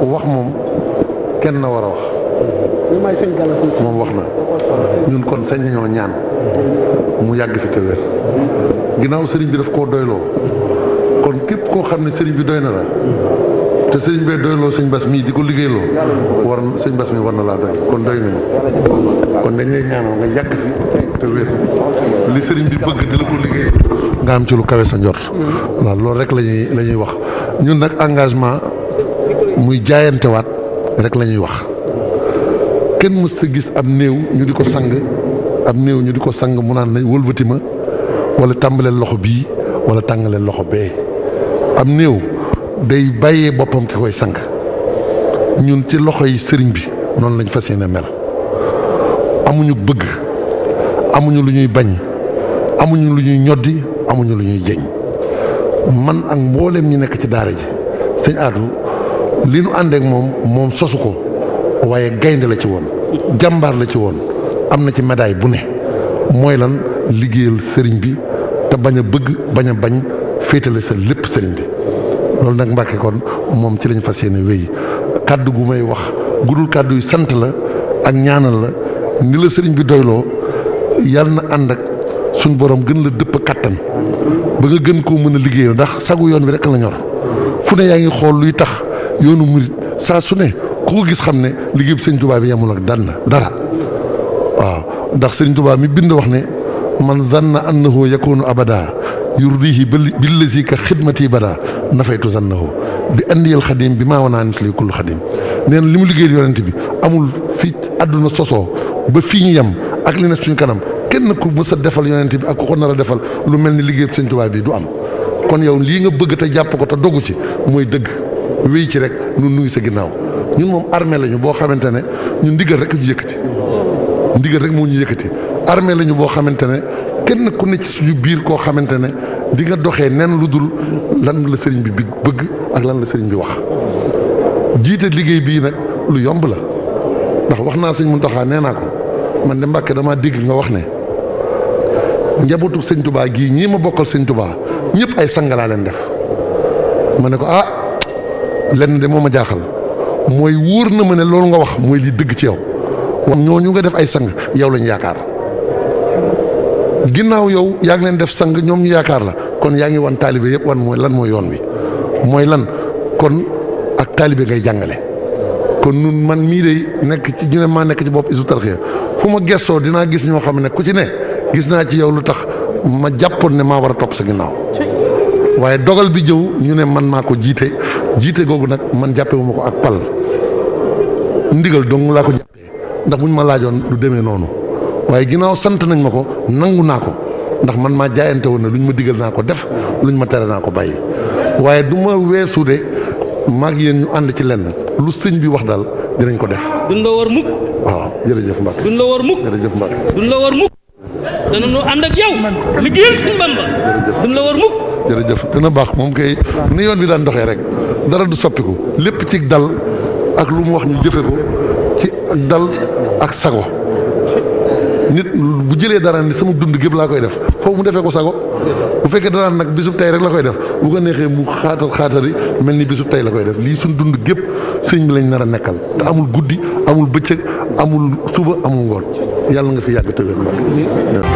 wax moom kenn na war a wax moom wax na ñun kon sañ nañoo ñaan mu yàgg fi te ginnaaw sëriñ bi daf koo doyloo kon képp koo xam ne sëriñ bi doy na la te sëriñ bee doyloo sëñ bas mii di ko liggéeyloo war sëñ bas mi war na laa doy kon doy kon dañ lay ñaanoo nga yàgg fi te li sëriñ bi bëgg di la ko liggéey nga am ci lu kawe sa njort waaw loolu rek lañuy la ñuy wax ñun nag engagement muy jaayantewaat rek lañuy wax kenn mës ta gis ab néew ñu di ko sang am néew ñu di ko sang mu naan na wëlbati ma walla tàmbaleel loxo bii wala tàngaleel loxo bee am néew day bàyyee boppam ki koy sang ñun ci loxo yi sëriñ bi noonu lañ fas yéene mel amuñu bëgg amuñu lu ñuy bañ amuñu lu ñuy ñoddi amuñu lu ñuy jeñ man ak mboolem ñu nekk ci daara ji sëñ Atou li nu ànd ak moom moom sosu ko waaye gaynde la ci woon jàmbaar la ci woon am na ci médaille bu ne mooy lan liggéeyal sëriñ bi te bañ a bëgg bañ a bañ féetale sa lépp sëriñ bi loolu nag Mbàkke kon moom ci lañ fas yéene wéy kàddu gu may wax gudul kàddu sant la ak ñaanal la ni la sëriñ bi doyloo yàlla na ànd ak suñ boroom gën la dëpp kattan ba nga gën koo mën a liggéeyal ndax sagu yoon bi rek la ñor fu ne yaa ngi xool luy tax yoonu murit saa su ne ku ko gis xam ne liggéey bi sëñ Tuubaa bi yemul ak dara dara waaw ndax sëñ Tuubaa mi bind wax ne man na abadaa zanna annahu yakunu abada yurdihi billazi ka xidmati bada nafaytu zannahu bi andiyal xadim bi maa wanaa misli kullu xadim nee na li mu liggéey yonent bi amul fi àdduna sosoo ba fii ñu yem ak li ne suñu kanam kenn ku mës defal yonent bi ak ku ko nar defal lu mel ni liggéey sëñ Tuubaa bi du am kon yow lii nga bëgg te jàpp ko te dogu ci mooy dëgg wéy ci rek ñun nuyu sa ginnaaw ñun moom armée lañu boo xamante ne ñu ndigal rek ñu yëkkati ndigal rek moo ñu yëkkati armée lañu boo xamante ne kenn ku ne ci suñu biir koo xamante ne di doxee nen lu dul lan la sëriñ bi bi bëgg ak lan la sëriñ bi wax jiite liggéey bii nag lu yomb la ndax wax naa sëñ mu Muntaxa nee naa ko man de Mbàkke damaa dégg nga wax ne njabootu sëñ Tubaa gii ñii ma bokkal sëñ Tubaa ñëpp ay sang laa leen def ma ne ko ah lenn de moom ma jaaxal mooy wóor na ma ne loolu nga wax mooy li dëgg ci yow ñooñu nga def ay sang yow lañu yaakaar ginnaaw yow yaa ngi leen def sang ñoom ñu yaakaar la kon yaa ngi wan taalibe yëpp wan mooy lan moo yoon bi mooy lan kon ak taalibe ngay jàngale kon nun man mii day nekk ci ñu ne maa nekk ci bopp Hizbut Tarqiyyah fu ma gessoo dinaa gis ñoo xam ne ku ci ne gis naa ci yow lu tax ma jàppoon ne maa war a topp sa ginnaaw waaye dogal bi jëw ñu ne man maa ko jiite jiite googu nag man jàppewuma ko ak pal ndigal dong laa ko jàppe ndax buñ ma laajoon du demee noonu waaye ginnaaw sant nañ ma ko nangu naa ko ndax man maa jaayante woon ne luñ ma digal naa ko def luñ ma tere naa ko bàyyi waaye du ma weesu de maag yéen ñu ànd ci lenn lu sëñ bi wax daal dinañ ko def. duñ la war mukk. waaw la war mukk. danañu ànd ak yow liggéeyal suñu Bamba duñ la war mukk jërëjëf dina baax moom kay ni yoon bi daan doxee rek dara du soppiku lépp ci dal ak lu mu wax ñu jëfe ko ci dal ak sago nit bu jëlee dara ni sama dund gépp laa koy def foofu mu defee ko sago bu fekkee danaan nag bisub tey rek la koy def bu ko neexee mu xaatal xaatali mel ni bisub tey la koy def lii suñ dund gépp sëñ bi lañ nar a nekkal te amul guddi amul bëccëg amul suba amul ngoon yàlla nga fi yàgg te wér